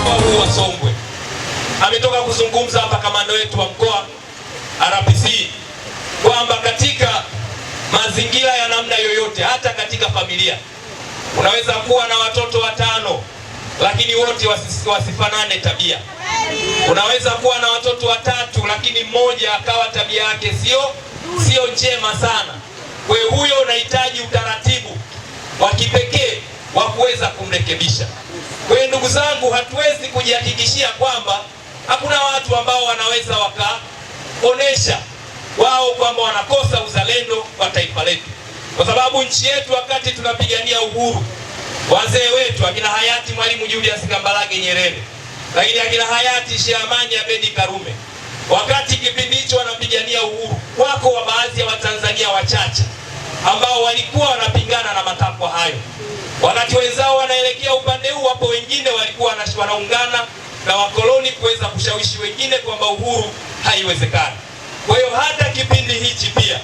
mkoa huu wa Songwe. Ametoka kuzungumza hapa kamanda wetu wa mkoa RPC kwamba katika mazingira ya namna yoyote, hata katika familia unaweza kuwa na watoto watano lakini wote wasifanane tabia. Unaweza kuwa na watoto watatu lakini mmoja akawa tabia yake sio sio njema sana. Kwa huyo unahitaji utaratibu wa kipekee wa kuweza kumrekebisha. Kwa hiyo ndugu zangu, hatuwezi kujihakikishia kwamba hakuna watu ambao wanaweza wakaonesha wao kwamba wanakosa uzalendo wa taifa letu, kwa sababu nchi yetu wakati tunapigania uhuru, wazee wetu akina hayati Mwalimu Julius Kambarage Nyerere, lakini akina hayati Sheikh Amani Abedi Karume, wakati kipindi hicho wanapigania uhuru, wako wa baadhi ya Watanzania wachache ambao walikuwa wanapingana na matakwa hayo wakati wenzao wanaelekea upande huu, wapo wengine walikuwa wanaungana na wakoloni kuweza kushawishi wengine kwamba uhuru haiwezekani. Kwa hiyo hata kipindi hichi pia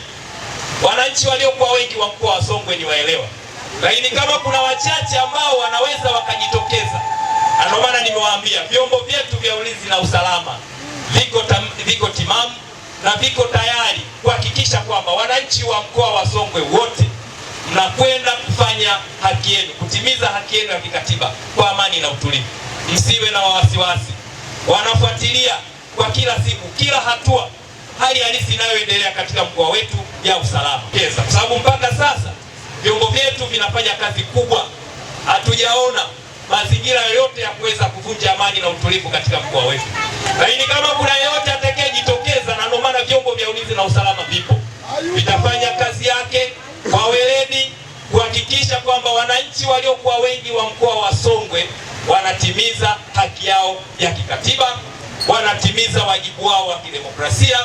wananchi waliokuwa wengi wa mkoa wa Songwe ni waelewa, lakini kama kuna wachache ambao wanaweza wakajitokeza, ndio maana nimewaambia vyombo vyetu vya ulinzi na usalama viko, tam, viko timamu na viko tayari kuhakikisha kwamba wananchi wa mkoa wa Songwe wote na kwenda kufanya haki yenu, kutimiza haki yenu ya kikatiba kwa amani na utulivu. Msiwe na wasiwasi, wanafuatilia kwa kila siku, kila hatua, hali halisi inayoendelea katika mkoa wetu ya usalama keza, kwa sababu mpaka sasa vyombo vyetu vinafanya kazi kubwa, hatujaona mazingira yoyote ya kuweza kuvunja amani na utulivu katika mkoa wetu. Lakini kama kuna yeyote atakayejitokeza, na ndio maana vyombo vya ulinzi na usalama vipo, vitafanya kazi waliokuwa wengi wa mkoa wa Songwe wanatimiza haki yao ya kikatiba, wanatimiza wajibu wao wa kidemokrasia,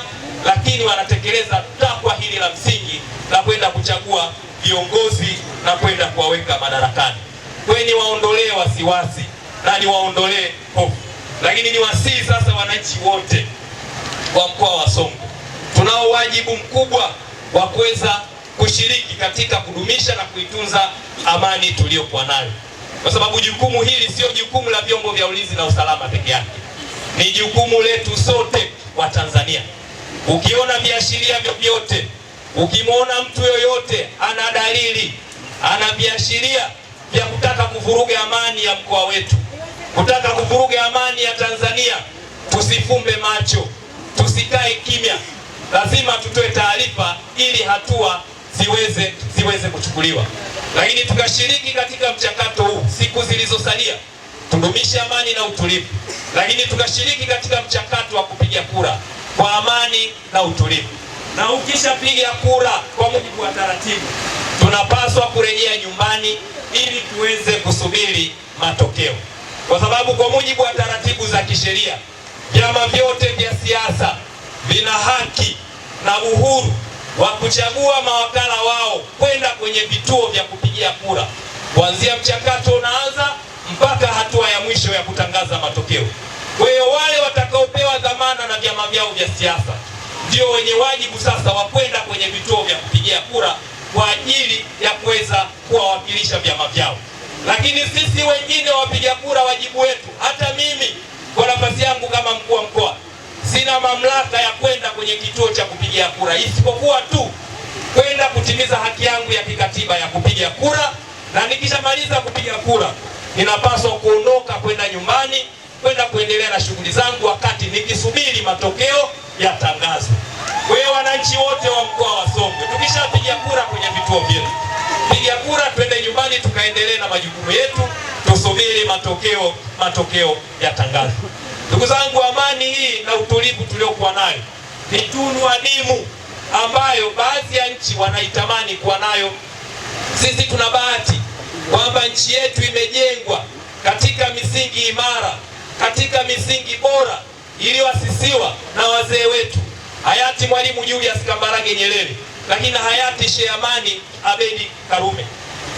lakini wanatekeleza takwa hili la msingi la kwenda kuchagua viongozi na kwenda kuwaweka madarakani. Kwe ni waondolee wasiwasi na ni waondolee hofu, lakini ni wasii sasa wananchi wote wa mkoa wa Songwe tunao wajibu mkubwa wa kuweza kushiriki katika kudumisha na kuitunza amani tuliyokuwa nayo, kwa sababu jukumu hili sio jukumu la vyombo vya ulinzi na usalama peke yake, ni jukumu letu sote wa Tanzania. Ukiona viashiria vyovyote, ukimwona mtu yoyote ana dalili, ana viashiria vya kutaka kuvuruga amani ya mkoa wetu, kutaka kuvuruga amani ya Tanzania, tusifumbe macho, tusikae kimya, lazima tutoe taarifa ili hatua ziweze ziweze kuchukuliwa, lakini tukashiriki katika mchakato huu siku zilizosalia tudumishe amani na utulivu, lakini tukashiriki katika mchakato wa kupiga kura kwa amani na utulivu. Na ukishapiga kura kwa mujibu wa taratibu, tunapaswa kurejea nyumbani ili tuweze kusubiri matokeo, kwa sababu kwa mujibu wa taratibu za kisheria vyama vyote vya siasa vina haki na uhuru wa kuchagua mawakala wao kwenda kwenye vituo vya kupigia kura, kuanzia mchakato unaanza mpaka hatua ya mwisho ya kutangaza matokeo. Kwa hiyo wale watakaopewa dhamana na vyama vyao vya siasa ndio wenye wajibu sasa wa kwenda kwenye vituo vya kupigia kura kwa ajili ya kuweza kuwawakilisha vyama vyao. Lakini sisi wengine wapiga kura, wajibu wetu, hata mimi kwa nafasi yangu kama mkuu wa mkoa sina mamlaka ya kwenda kwenye kituo cha kupigia kura, isipokuwa tu kwenda kutimiza haki yangu ya kikatiba ya kupiga kura, na nikishamaliza kupiga kura ninapaswa kuondoka kwenda nyumbani kwenda kuendelea na shughuli zangu, wakati nikisubiri matokeo ya tangazo. Kwa hiyo wananchi wote wa mkoa wa Songwe, tukishapiga kura kwenye vituo vyetu, piga kura, twende nyumbani tukaendelee na majukumu yetu, tusubiri matokeo matokeo ya tangazo. Ndugu zangu, amani hii na utulivu tuliokuwa nayo ni tunu adimu ambayo baadhi ya nchi wanaitamani kuwa nayo. Sisi tuna bahati kwamba nchi yetu imejengwa katika misingi imara, katika misingi bora iliyoasisiwa na wazee wetu hayati Mwalimu Julius Kambarage Nyerere, lakini hayati Sheikh Amani Abedi Karume,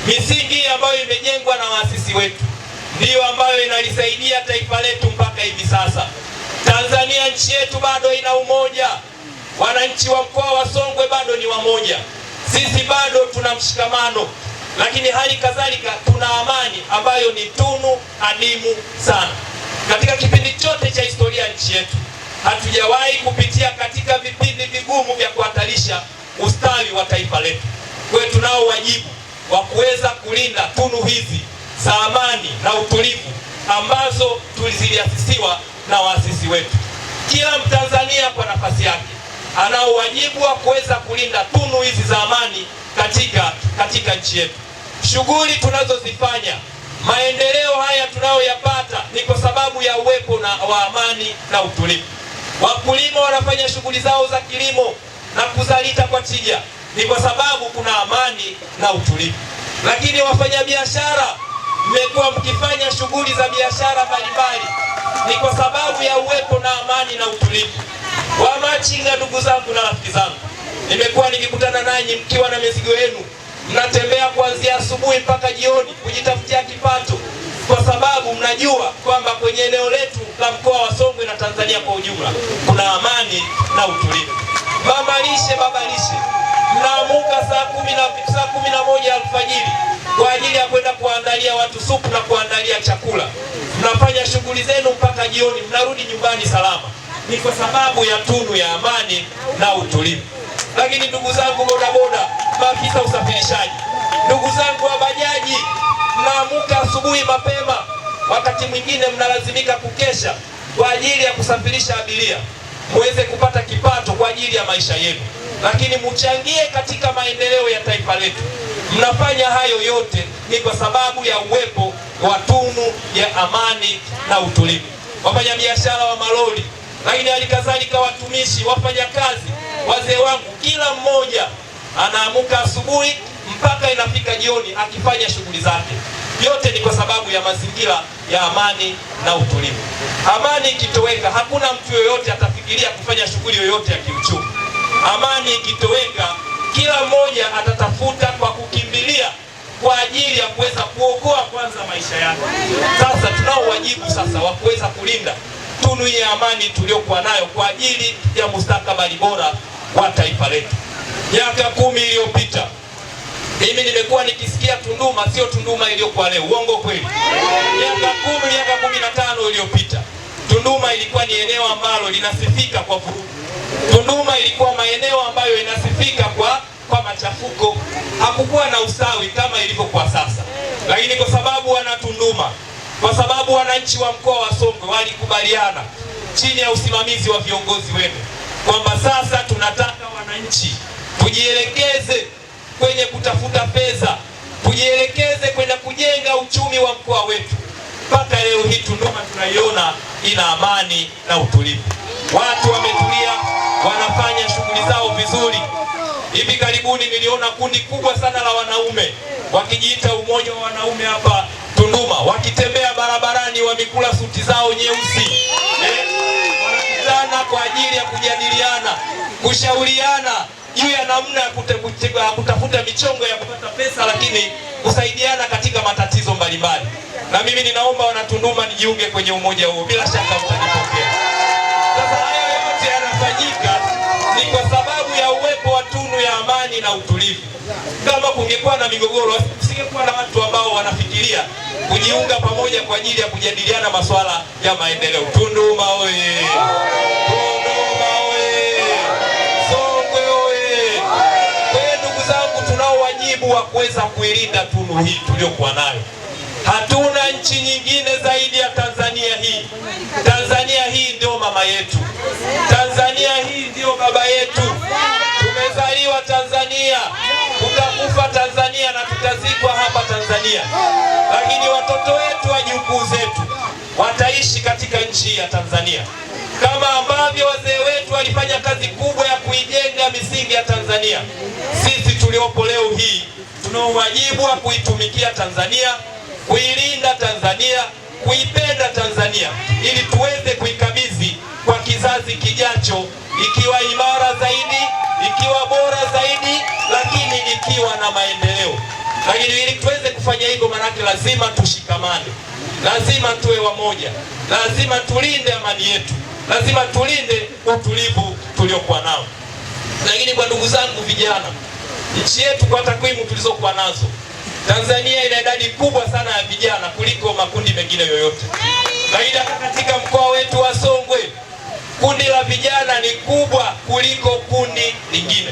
misingi ambayo imejengwa na waasisi wetu ndiyo ambayo inalisaidia taifa letu mpaka hivi sasa. Tanzania nchi yetu bado ina umoja, wananchi wa mkoa wa Songwe bado ni wamoja, sisi bado tuna mshikamano, lakini hali kadhalika tuna amani ambayo ni tunu adimu sana. Katika kipindi chote cha historia nchi yetu hatujawahi kupitia katika vipindi vigumu vya kuhatarisha ustawi wa taifa letu. kwetu nao tunao wajibu wa kuweza kulinda tunu hizi za amani na utulivu ambazo tuliziasisiwa na waasisi wetu. Kila Mtanzania kwa nafasi yake anao wajibu wa kuweza kulinda tunu hizi za amani katika, katika nchi yetu. Shughuli tunazozifanya maendeleo haya tunayoyapata ni kwa sababu ya uwepo na wa amani na utulivu. Wakulima wanafanya shughuli zao za kilimo na kuzalita kwa tija ni kwa sababu kuna amani na utulivu, lakini wafanyabiashara mmekuwa mkifanya shughuli za biashara mbalimbali ni kwa sababu ya uwepo na amani na utulivu. Wamachinga, ndugu zangu na rafiki zangu, nimekuwa nikikutana nanyi mkiwa na mizigo yenu, mnatembea kuanzia asubuhi mpaka jioni kujitafutia kipato, kwa sababu mnajua kwamba kwenye eneo letu la mkoa wa Songwe na Tanzania kwa ujumla kuna amani na utulivu. Mama lishe, baba lishe, mnaamuka saa kumi na moja alfajiri kwa ajili ya kwenda kuandalia watu supu na kuandalia chakula. Mnafanya shughuli zenu mpaka jioni, mnarudi nyumbani salama. Ni kwa sababu ya tunu ya amani na utulivu. Lakini ndugu zangu bodaboda, maafisa usafirishaji, ndugu zangu wa bajaji, mnaamuka asubuhi mapema, wakati mwingine mnalazimika kukesha kwa ajili ya kusafirisha abiria muweze kupata kipato kwa ajili ya maisha yenu, lakini muchangie katika maendeleo ya taifa letu. Mnafanya hayo yote ni kwa sababu ya uwepo wa tunu ya amani na utulivu. Wafanyabiashara wa malori, lakini halikadhalika watumishi, wafanyakazi, wazee wangu, kila mmoja anaamuka asubuhi mpaka inafika jioni akifanya shughuli zake. Yote ni kwa sababu ya mazingira ya amani na utulivu. Amani ikitoweka, hakuna mtu yoyote atafikiria kufanya shughuli yoyote ya kiuchumi. Amani ikitoweka kila mmoja atatafuta kwa kukimbilia kwa ajili ya kuweza kuokoa kwanza maisha yake. Sasa tunao wajibu sasa wa kuweza kulinda tunu ya amani tuliyokuwa nayo kwa ajili ya mustakabali bora wa taifa letu. Miaka kumi iliyopita mimi nimekuwa nikisikia Tunduma sio Tunduma iliyokuwa leo. Uongo kweli? Miaka kumi, miaka kumi na tano iliyopita Tunduma ilikuwa ni eneo ambalo linasifika kwa vurugu Tunduma ilikuwa maeneo ambayo inasifika kwa, kwa machafuko. Hakukuwa na usawi kama ilivyo kwa sasa, lakini kwa sababu wana Tunduma, kwa sababu wananchi wa mkoa wa Songwe walikubaliana chini ya usimamizi wa viongozi wenu kwamba sasa tunataka wananchi tujielekeze kwenye kutafuta pesa, tujielekeze kwenda kujenga uchumi wa mkoa wetu. Mpaka leo hii Tunduma tunaiona ina amani na utulivu, watu wametulia wanafanya shughuli zao vizuri. Hivi karibuni niliona kundi kubwa sana la wanaume wakijiita umoja wa wanaume hapa Tunduma, wakitembea barabarani wamekula suti zao nyeusi eh, wanakutana kwa ajili ya kujadiliana, kushauriana juu ya namna ya kutafuta michongo ya kupata pesa, lakini kusaidiana katika matatizo mbalimbali. Na mimi ninaomba wanatunduma nijiunge kwenye umoja huo, bila shaka mtanipokea. kungekuwa na migogoro, kusingekuwa na watu ambao wanafikiria kujiunga pamoja kwa ajili ya kujadiliana masuala ya maendeleo. Tunduma oye! Tunduma oye! Songwe oye! Kwa ndugu zangu, tunao wajibu wa kuweza kuilinda tunu hii tuliyokuwa nayo. Hatuna nchi nyingine zaidi Tanzania na tutazikwa hapa Tanzania, lakini watoto wetu, wajukuu zetu wataishi katika nchi ya Tanzania kama ambavyo wazee wetu walifanya kazi kubwa ya kuijenga misingi ya Tanzania. Sisi tuliopo leo hii tuna wajibu wa kuitumikia Tanzania, kuilinda Tanzania, kuipenda Tanzania ili tuweze kuikabidhi kwa kizazi kijacho ikiwa imara zaidi. Lakini ili tuweze kufanya hivyo, maanake lazima tushikamane, lazima tuwe wamoja, lazima tulinde amani yetu, lazima tulinde utulivu tuliokuwa nao. Lakini kwa ndugu zangu vijana, nchi yetu kwa takwimu tulizokuwa nazo, Tanzania ina idadi kubwa sana ya vijana kuliko makundi mengine yoyote. Lakini hata katika mkoa wetu wa Songwe kundi la vijana ni kubwa kuliko kundi lingine.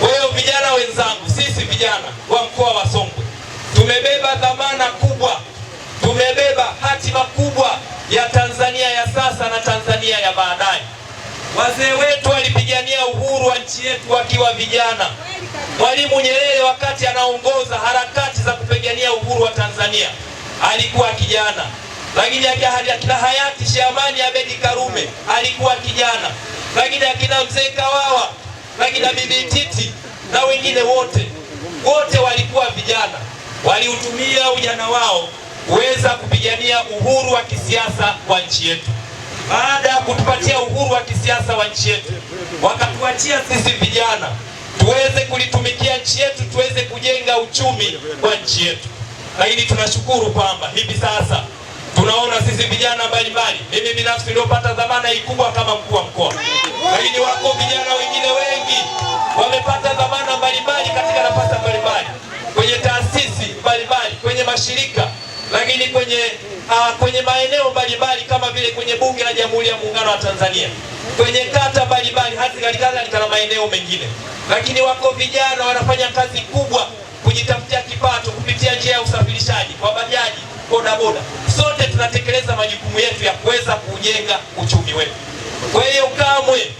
Kwa hiyo vijana wenzangu, sisi vijana wa mkoa wa Songwe tumebeba dhamana kubwa, tumebeba hatima kubwa ya Tanzania ya sasa na Tanzania ya baadaye. Wazee wetu walipigania uhuru wa nchi yetu wakiwa vijana. Mwalimu Nyerere wakati anaongoza harakati za kupigania uhuru wa Tanzania alikuwa kijana, lakini akina hayati Sheikh Amani Abedi Karume alikuwa kijana, lakini akina mzee Kawawa na kina bibi Titi na wengine wote, wote walikuwa vijana, waliutumia ujana wao kuweza kupigania uhuru wa kisiasa wa nchi yetu. Baada ya kutupatia uhuru wa kisiasa wa nchi yetu, wakatuachia sisi vijana tuweze kulitumikia nchi yetu, tuweze kujenga uchumi wa nchi yetu, hili tunashukuru kwamba hivi sasa Unaona sisi vijana mbalimbali, mimi binafsi niliopata dhamana hii kubwa kama mkuu wa mkoa, lakini wako vijana wengine wengi wamepata dhamana mbalimbali katika nafasi mbalimbali kwenye taasisi mbalimbali, kwenye mashirika, lakini kwenye uh, kwenye maeneo mbalimbali kama vile kwenye Bunge la Jamhuri ya Muungano wa Tanzania, kwenye kata mbalimbali, hasa katika na maeneo mengine. Lakini wako vijana wanafanya kazi kubwa kujitafutia kipato kupitia njia ya usafirishaji kwa bajaji, bodaboda. Sote tunatekeleza majukumu yetu ya kuweza kujenga uchumi wetu. Kwa hiyo kamwe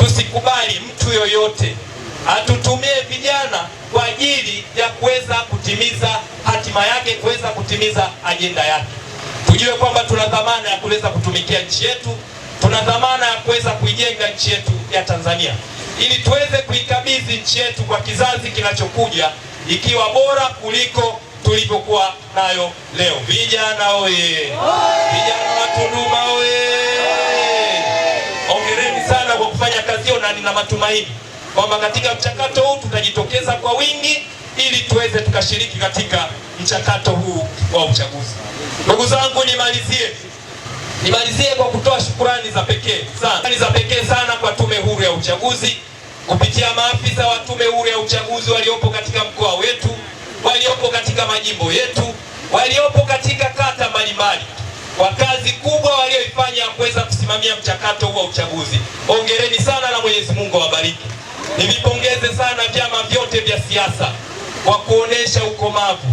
tusikubali mtu yoyote atutumie vijana kwa ajili ya kuweza kutimiza hatima yake, kuweza kutimiza ajenda yake. Tujue kwamba tuna dhamana ya kuweza kutumikia nchi yetu, tuna dhamana ya kuweza kuijenga nchi yetu ya Tanzania ili tuweze kuikabidhi nchi yetu kwa kizazi kinachokuja ikiwa bora kuliko tulivyokuwa nayo leo. Vijana oye! Vijana wa Tunduma oye! ongereni sana kwa kufanya kazi hiyo, na nina matumaini kwamba katika mchakato huu tutajitokeza kwa wingi ili tuweze tukashiriki katika mchakato huu wa uchaguzi. Ndugu zangu, nimalizie nimalizie kwa kutoa shukurani za pekee sana za pekee sana kwa Tume Huru ya Uchaguzi kupitia maafisa wa Tume Huru ya Uchaguzi waliopo katika mkoa wetu waliopo katika majimbo yetu, waliopo katika kata mbalimbali kwa kazi kubwa walioifanya ya kuweza kusimamia mchakato huu wa uchaguzi. Hongereni sana na Mwenyezi Mungu awabariki. Nivipongeze sana vyama vyote vya siasa kwa kuonyesha ukomavu,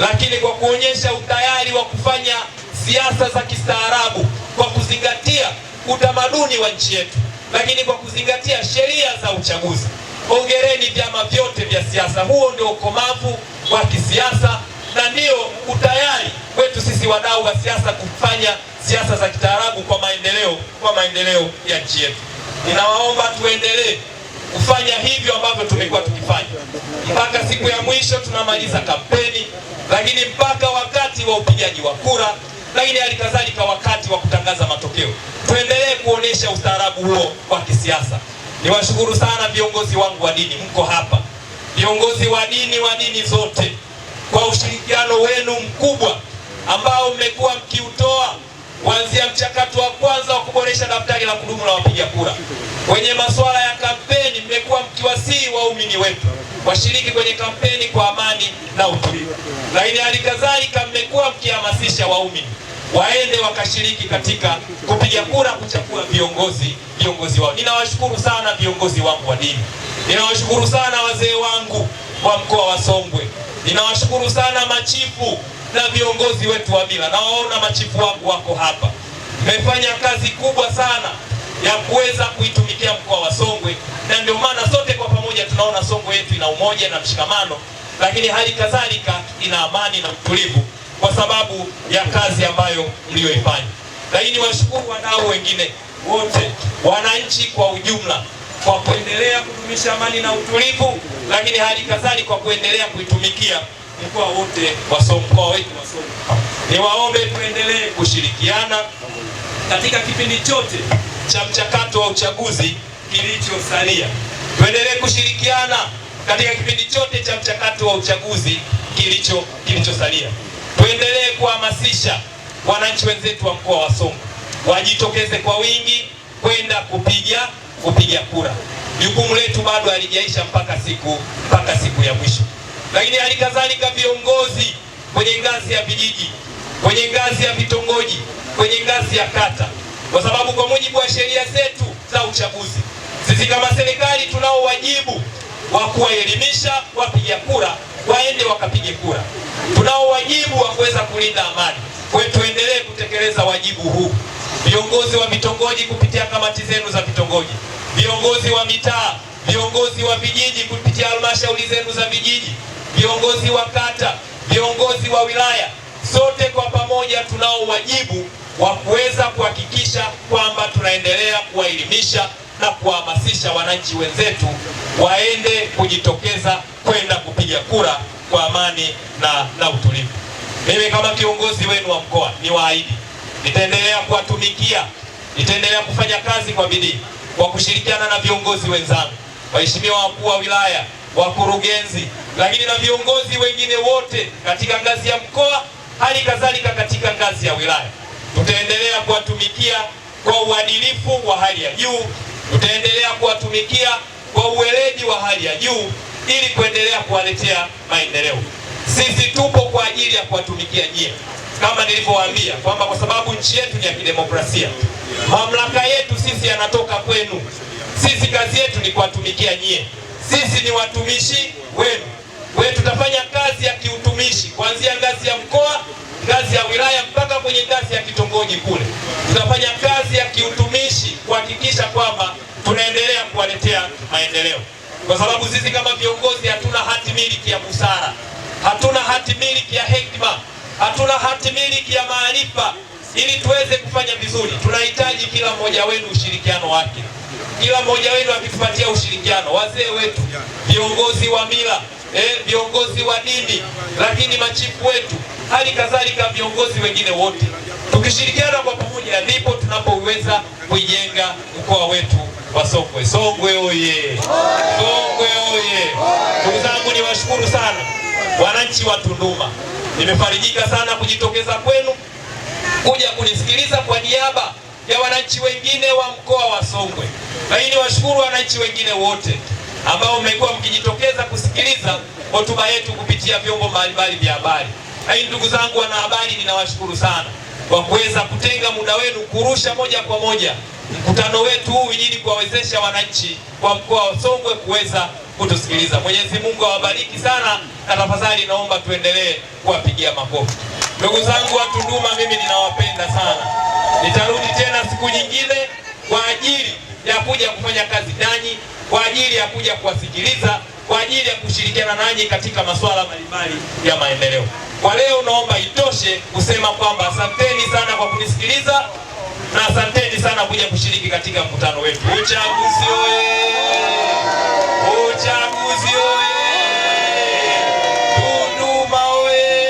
lakini kwa kuonyesha utayari wa kufanya siasa za kistaarabu kwa kuzingatia utamaduni wa nchi yetu, lakini kwa kuzingatia sheria za uchaguzi ongereni vyama vyote vya siasa. Huo ndio ukomavu wa kisiasa na ndio utayari wetu sisi wadau wa siasa kufanya siasa za kitaarabu kwa maendeleo, kwa maendeleo ya nchi yetu. Ninawaomba tuendelee kufanya hivyo ambavyo tumekuwa tukifanya mpaka siku ya mwisho tunamaliza kampeni, lakini mpaka wakati wa upigaji wa kura, lakini halikadhalika wakati wa kutangaza matokeo, tuendelee kuonesha ustaarabu huo wa kisiasa. Niwashukuru sana viongozi wangu wa dini, mko hapa, viongozi wa dini wa dini zote, kwa ushirikiano wenu mkubwa ambao mmekuwa mkiutoa kuanzia mchakato wa kwanza wa kuboresha daftari la kudumu la wapiga kura. Kwenye masuala ya kampeni, mmekuwa mkiwasihi waumini wetu washiriki kwenye kampeni kwa amani na utulivu, lakini hali kadhalika mmekuwa mkihamasisha waumini waende wakashiriki katika kupiga kura kuchagua viongozi viongozi wao. Ninawashukuru sana viongozi wangu wa dini, ninawashukuru sana wazee wangu wa mkoa wa Songwe, ninawashukuru sana machifu na viongozi wetu wa mila. Nawaona machifu wangu wako hapa, mmefanya kazi kubwa sana ya kuweza kuitumikia mkoa wa Songwe, na ndio maana sote kwa pamoja tunaona Songwe yetu ina umoja na mshikamano, lakini hali kadhalika ina amani na utulivu kwa sababu sababu ya kazi ambayo mlioifanya. Lakini washukuru wadau wengine wote, wananchi kwa ujumla, kwa kuendelea kudumisha amani na utulivu, lakini hali kadhalika kwa kuendelea kuitumikia mkoa wote wa mkoa wetu wa Songwe. Niwaombe tuendelee kushirikiana katika kipindi chote cha mchakato wa uchaguzi kilichosalia. Tuendelee kushirikiana katika kipindi chote cha mchakato wa uchaguzi kilicho kilichosalia. Tuendelee kuhamasisha wananchi wenzetu wa mkoa wa Songwe wajitokeze kwa wingi kwenda kupiga kupiga kura. Jukumu letu bado halijaisha mpaka siku mpaka siku ya mwisho. Lakini halikadhalika viongozi kwenye ngazi ya vijiji, kwenye ngazi ya vitongoji, kwenye ngazi ya kata, kwa sababu kwa mujibu wa sheria zetu za uchaguzi sisi kama serikali tunao wajibu wa kuwaelimisha wapiga kura waende wakapige kura tunao wajibu wa kuweza kulinda amani. Kwa hiyo tuendelee kutekeleza wajibu huu, viongozi wa vitongoji kupitia kamati zenu za vitongoji, viongozi wa mitaa, viongozi wa vijiji kupitia halmashauri zenu za vijiji, viongozi wa kata, viongozi wa wilaya, sote kwa pamoja tunao wajibu wa kuweza kuhakikisha kwamba tunaendelea kuwaelimisha na kuwahamasisha wananchi wenzetu waende kujitokeza kwenda kupiga kura kwa amani na, na utulivu. Mimi kama kiongozi wenu wa mkoa ni waahidi, nitaendelea kuwatumikia, nitaendelea kufanya kazi kwa bidii kwa kushirikiana na viongozi wenzangu, waheshimiwa wakuu wa wilaya, wakurugenzi, lakini na viongozi wengine wote katika ngazi ya mkoa, hali kadhalika katika ngazi ya wilaya. Tutaendelea kuwatumikia kwa uadilifu wa hali ya juu, tutaendelea kuwatumikia kwa uweledi wa hali ya juu ili kuendelea kuwaletea maendeleo. Sisi tupo kwa ajili ya kuwatumikia nyie, kama nilivyowaambia kwamba kwa sababu nchi yetu ni ya kidemokrasia, mamlaka yetu sisi yanatoka kwenu. Sisi kazi yetu ni kuwatumikia nyie, sisi ni watumishi wenu. Wewe tutafanya kazi ya kiutumishi kuanzia ngazi ya mkoa, ngazi ya wilaya, mpaka kwenye ngazi ya kitongoji kule kwa sababu sisi kama viongozi hatuna hati miliki ya busara, hatuna hati miliki ya hekima, hatuna hati miliki ya maarifa. Ili tuweze kufanya vizuri, tunahitaji kila mmoja wenu ushirikiano wake, kila mmoja wenu akitupatia ushirikiano, wazee wetu, viongozi wa mila eh, viongozi wa dini, lakini machifu wetu, hali kadhalika viongozi wengine wote, tukishirikiana kwa pamoja, ndipo tunapoweza kuijenga mkoa wetu wa Songwe. Songwe oye! Songwe oye! Ndugu zangu, niwashukuru sana wananchi wa Tunduma, nimefarijika sana kujitokeza kwenu kuja kunisikiliza kwa niaba ya wananchi wengine wa mkoa wa Songwe, lakini washukuru wananchi wengine wote ambao mmekuwa mkijitokeza kusikiliza hotuba yetu kupitia vyombo mbalimbali vya habari. Lakini ndugu zangu wanahabari, ninawashukuru sana kwa kuweza kutenga muda wenu kurusha moja kwa moja mkutano wetu huu ili kuwawezesha wananchi kwa mkoa wa Songwe kuweza kutusikiliza. Mwenyezi Mungu awabariki sana, na tafadhali naomba tuendelee kuwapigia makofi. Ndugu zangu wa Tunduma, mimi ninawapenda sana. Nitarudi tena siku nyingine kwa ajili ya kuja kufanya kazi nanyi, kwa ajili ya kuja kuwasikiliza, kwa ajili ya kushirikiana nanyi katika masuala mbalimbali ya maendeleo. Kwa leo, naomba itoshe kusema kwamba asanteni sana kwa kunisikiliza na asanteni sana kuja kushiriki katika mkutano wetu. Uchaguzi oye! Uchaguzi oye!